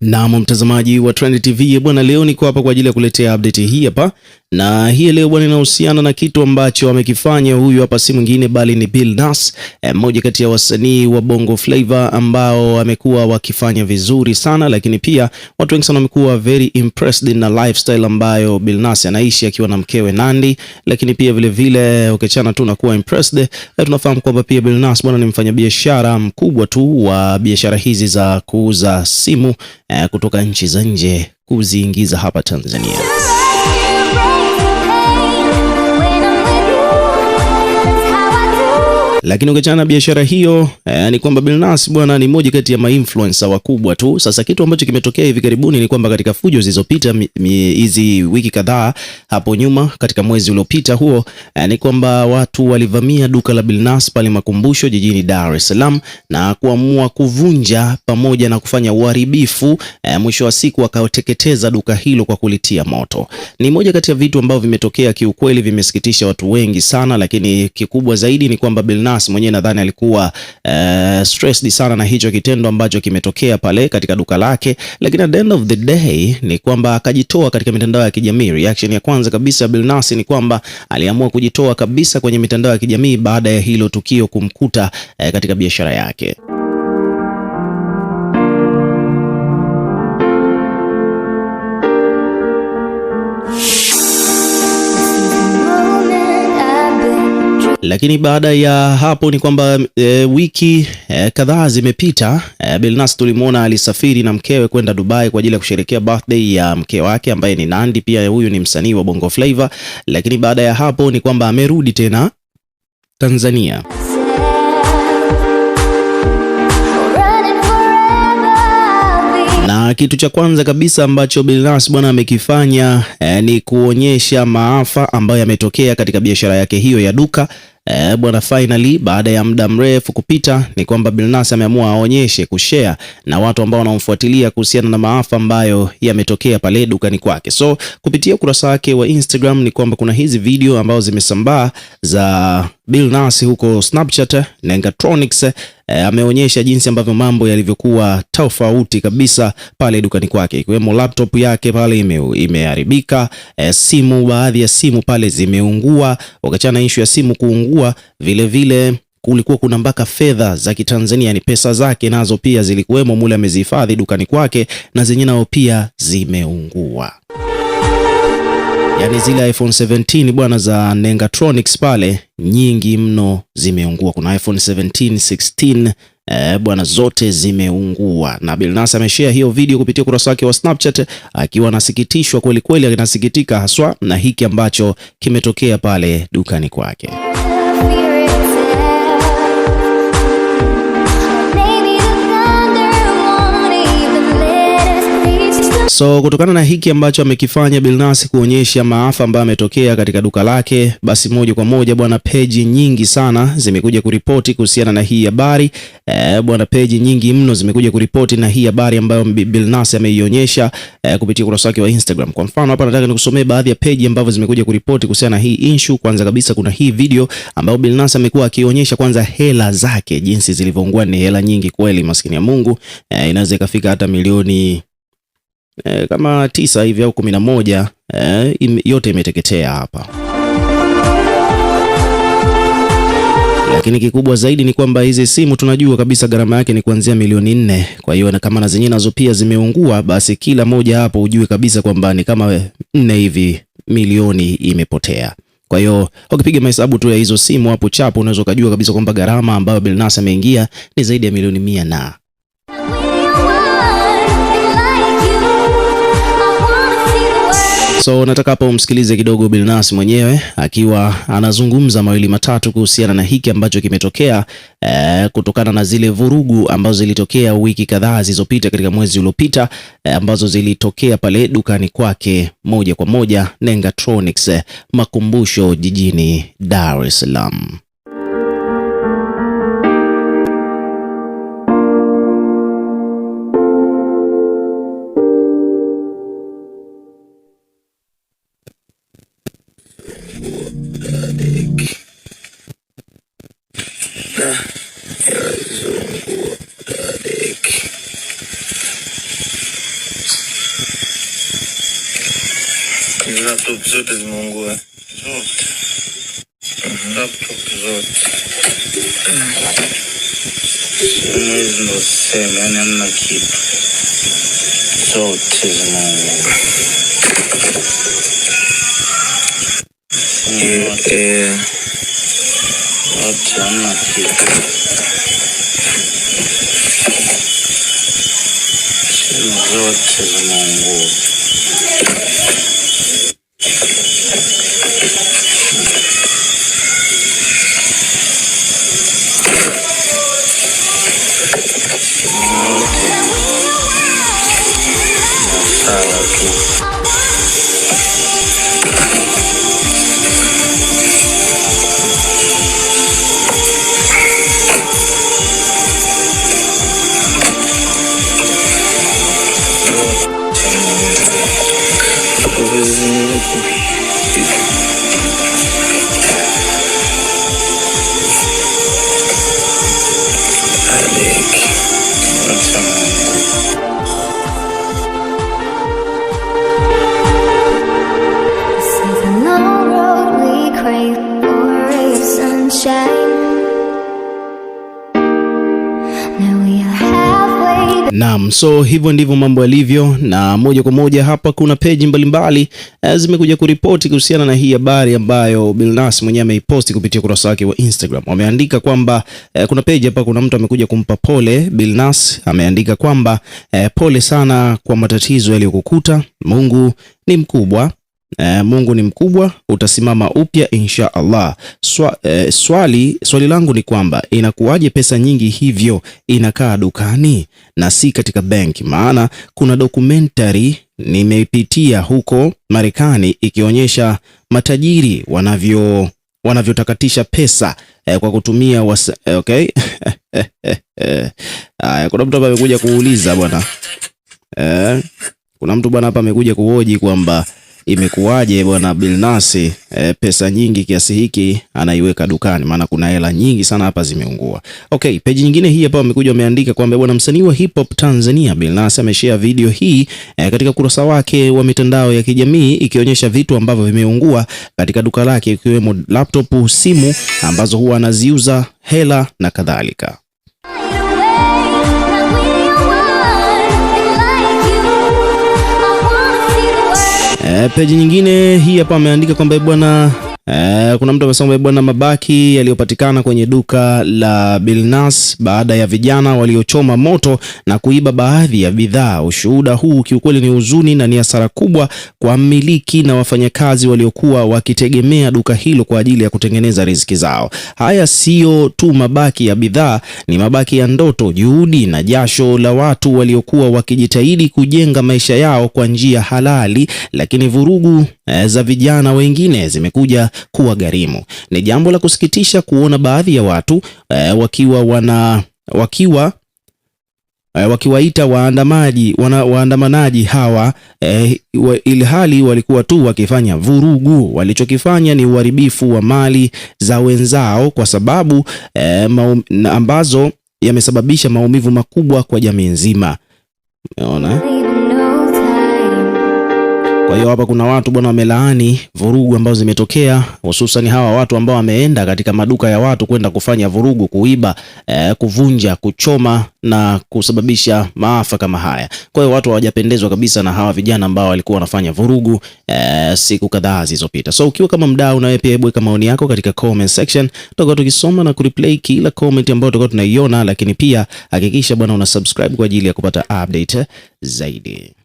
Naam, mtazamaji wa Trend TV bwana, leo niko hapa kwa ajili ya kuletea update hii hapa, na hii leo bwana inahusiana na kitu ambacho amekifanya huyu hapa, si mwingine bali ni Bill Nas, e, mmoja kati ya wasanii wa Bongo Flava ambao amekuwa wakifanya vizuri sana, lakini pia watu wengi sana wamekuwa very impressed na lifestyle ambayo Bill Nas anaishi akiwa na mkewe Nandi, lakini pia vile vile ukichana tu na kuwa impressed, e, tunafahamu kwamba pia Bill Nas bwana ni mfanyabiashara mkubwa tu wa biashara hizi za kuuza simu Eh, kutoka nchi za nje kuziingiza hapa Tanzania. Lakini ukiachana na biashara hiyo eh, ni kwamba Billnass bwana ni moja kati ya mainfluencer wakubwa tu. Sasa kitu ambacho kimetokea hivi karibuni ni kwamba katika fujo zilizopita hizi wiki kadhaa hapo nyuma, katika mwezi uliopita huo eh, ni kwamba watu walivamia duka la Billnass pale Makumbusho jijini Dar es Salaam na kuamua kuvunja pamoja na kufanya uharibifu eh, mwisho wa siku wakateketeza duka hilo kwa kulitia moto. Ni moja kati ya vitu ambavyo vimetokea, kiukweli vimesikitisha watu wengi sana, lakini kikubwa zaidi ni kwamba Billnass Nas mwenyewe nadhani alikuwa uh, stressed sana na hicho kitendo ambacho kimetokea pale katika duka lake, lakini at the end of the day ni kwamba akajitoa katika mitandao ya kijamii. Reaction ya kwanza kabisa Billnass ni kwamba aliamua kujitoa kabisa kwenye mitandao ya kijamii baada ya hilo tukio kumkuta uh, katika biashara yake. Lakini baada ya hapo ni kwamba e, wiki e, kadhaa zimepita e, Bilnas tulimwona alisafiri na mkewe kwenda Dubai kwa ajili ya kusherehekea birthday ya mke wake ambaye ni Nandi, pia huyu ni msanii wa Bongo Flava. Lakini baada ya hapo ni kwamba amerudi tena Tanzania. Na kitu cha kwanza kabisa ambacho Bilnas bwana amekifanya eh, ni kuonyesha maafa ambayo yametokea katika biashara yake hiyo ya duka E, bwana finally baada ya muda mrefu kupita ni kwamba Billnass ameamua aonyeshe kushare na watu ambao wanamfuatilia kuhusiana na maafa ambayo yametokea pale dukani kwake. So kupitia ukurasa wake wa Instagram ni kwamba kuna hizi video ambazo zimesambaa za Bill Nass huko Snapchat na Engatronics eh, ameonyesha jinsi ambavyo mambo yalivyokuwa tofauti kabisa pale dukani kwake, ikiwemo laptop yake pale imeharibika, ime eh, simu, baadhi ya simu pale zimeungua. Wakachana ishu ya simu kuungua, vilevile vile kulikuwa kuna mpaka fedha za Kitanzania, ni pesa zake nazo pia zilikuwemo mule amezihifadhi dukani kwake, na zenye nao pia zimeungua yani zile iPhone 17 bwana za Nengatronics pale nyingi mno zimeungua. Kuna iPhone 17, 16 eh, bwana zote zimeungua na Bilnas ameshare hiyo video kupitia ukurasa wake wa Snapchat akiwa anasikitishwa kweli kweli, anasikitika haswa na hiki ambacho kimetokea pale dukani kwake. So kutokana na hiki ambacho amekifanya Billnass kuonyesha maafa ambayo ametokea katika duka lake, basi moja kwa moja bwana, peji nyingi sana zimekuja kuripoti kuhusiana na hii habari e, bwana, peji nyingi mno zimekuja kuripoti na hii habari ambayo Billnass ameionyesha e, kupitia ukurasa wake wa Instagram. Kwa mfano hapa nataka nikusomee baadhi ya peji ambazo zimekuja kuripoti kuhusiana na hii issue. Kwanza kabisa kuna hii video ambayo Billnass amekuwa akionyesha kwanza hela zake jinsi zilivyoungua, ni hela nyingi kweli, maskini ya Mungu e, inaweza ikafika hata milioni e, kama tisa hivi au kumi na moja e, eh, im, yote imeteketea hapa. Lakini kikubwa zaidi ni kwamba hizi simu tunajua kabisa gharama yake ni kuanzia milioni nne. Kwa hiyo na kama na zenyewe nazo pia zimeungua, basi kila moja hapo ujue kabisa kwamba ni kama nne hivi milioni imepotea. Kwa hiyo ukipiga mahesabu tu ya hizo simu hapo chapo, unaweza ukajua kabisa kwamba gharama ambayo Bilnas ameingia ni zaidi ya milioni mia na So nataka hapa umsikilize kidogo Billnass mwenyewe akiwa anazungumza mawili matatu kuhusiana na hiki ambacho kimetokea e, kutokana na zile vurugu ambazo zilitokea wiki kadhaa zilizopita katika mwezi uliopita e, ambazo zilitokea pale dukani kwake moja kwa moja Nengatronics eh, makumbusho jijini Dar es Salaam. Gota é Zungo Tadek. Два é зот из Монгуа. Зот. é топ зот. Mesmo seme, anamna kitu. Zot из Монгуа. zote za Mungu. Naam, so hivyo ndivyo mambo yalivyo, na moja kwa moja hapa kuna peji mbalimbali eh, zimekuja kuripoti kuhusiana na hii habari ambayo Bilnas mwenyewe ameiposti kupitia ukurasa wake wa Instagram. Wameandika kwamba eh, kuna peji hapa, kuna mtu amekuja kumpa pole Bilnas, ameandika kwamba eh, pole sana kwa matatizo yaliyokukuta, Mungu ni mkubwa E, Mungu ni mkubwa, utasimama upya insha Allah. Swa, e, swali, swali langu ni kwamba inakuwaje pesa nyingi hivyo inakaa dukani na si katika bank? Maana kuna documentary nimeipitia huko Marekani ikionyesha matajiri wanavyo wanavyotakatisha pesa eh, kwa kutumia was, eh, okay. Aya, kuna mtu hapa amekuja kuuliza bwana eh, kuna mtu bwana hapa amekuja kuhoji kwamba imekuwaje bwana Bilnas e, eh, pesa nyingi kiasi hiki anaiweka dukani? Maana kuna hela nyingi sana hapa zimeungua. Okay, peji nyingine hii hapa wamekuja wameandika kwamba bwana msanii wa hip hop Tanzania Bilnasi ameshare video hii e, katika ukurasa wake wa mitandao ya kijamii ikionyesha vitu ambavyo vimeungua katika duka lake ikiwemo laptop, simu ambazo huwa anaziuza hela na kadhalika. Eh, peji nyingine hii hapa ameandika kwamba bwana E, kuna mtu amesema bwana, mabaki yaliyopatikana kwenye duka la Bilnas baada ya vijana waliochoma moto na kuiba baadhi ya bidhaa. Ushuhuda huu kiukweli ni huzuni na ni hasara kubwa kwa mmiliki na wafanyakazi waliokuwa wakitegemea duka hilo kwa ajili ya kutengeneza riziki zao. Haya siyo tu mabaki ya bidhaa, ni mabaki ya ndoto, juhudi na jasho la watu waliokuwa wakijitahidi kujenga maisha yao kwa njia halali, lakini vurugu eh, za vijana wengine zimekuja kuwa garimu Ni jambo la kusikitisha kuona baadhi ya watu eh, wakiwa wana wakiwa eh, wakiwaita waandamaji wana, waandamanaji hawa eh, wa, hali walikuwa tu wakifanya vurugu. Walichokifanya ni uharibifu wa mali za wenzao kwa sababu eh, maum, ambazo yamesababisha maumivu makubwa kwa jamii nzima. Umeona? Kwa hiyo hapa kuna watu bwana, wamelaani vurugu ambazo zimetokea, hususan hawa watu ambao wameenda katika maduka ya watu kwenda kufanya vurugu, kuiba, eh, kuvunja, kuchoma na kusababisha maafa kama haya. Kwa hiyo watu hawajapendezwa kabisa na hawa vijana ambao walikuwa wanafanya vurugu eh, siku kadhaa zilizopita. So ukiwa kama mdau, wewe pia hebu weka maoni yako katika comment section, tutakuwa tukisoma na kureplay kila comment ambayo tutakuwa tunaiona, lakini pia hakikisha bwana una subscribe kwa ajili ya kupata update zaidi.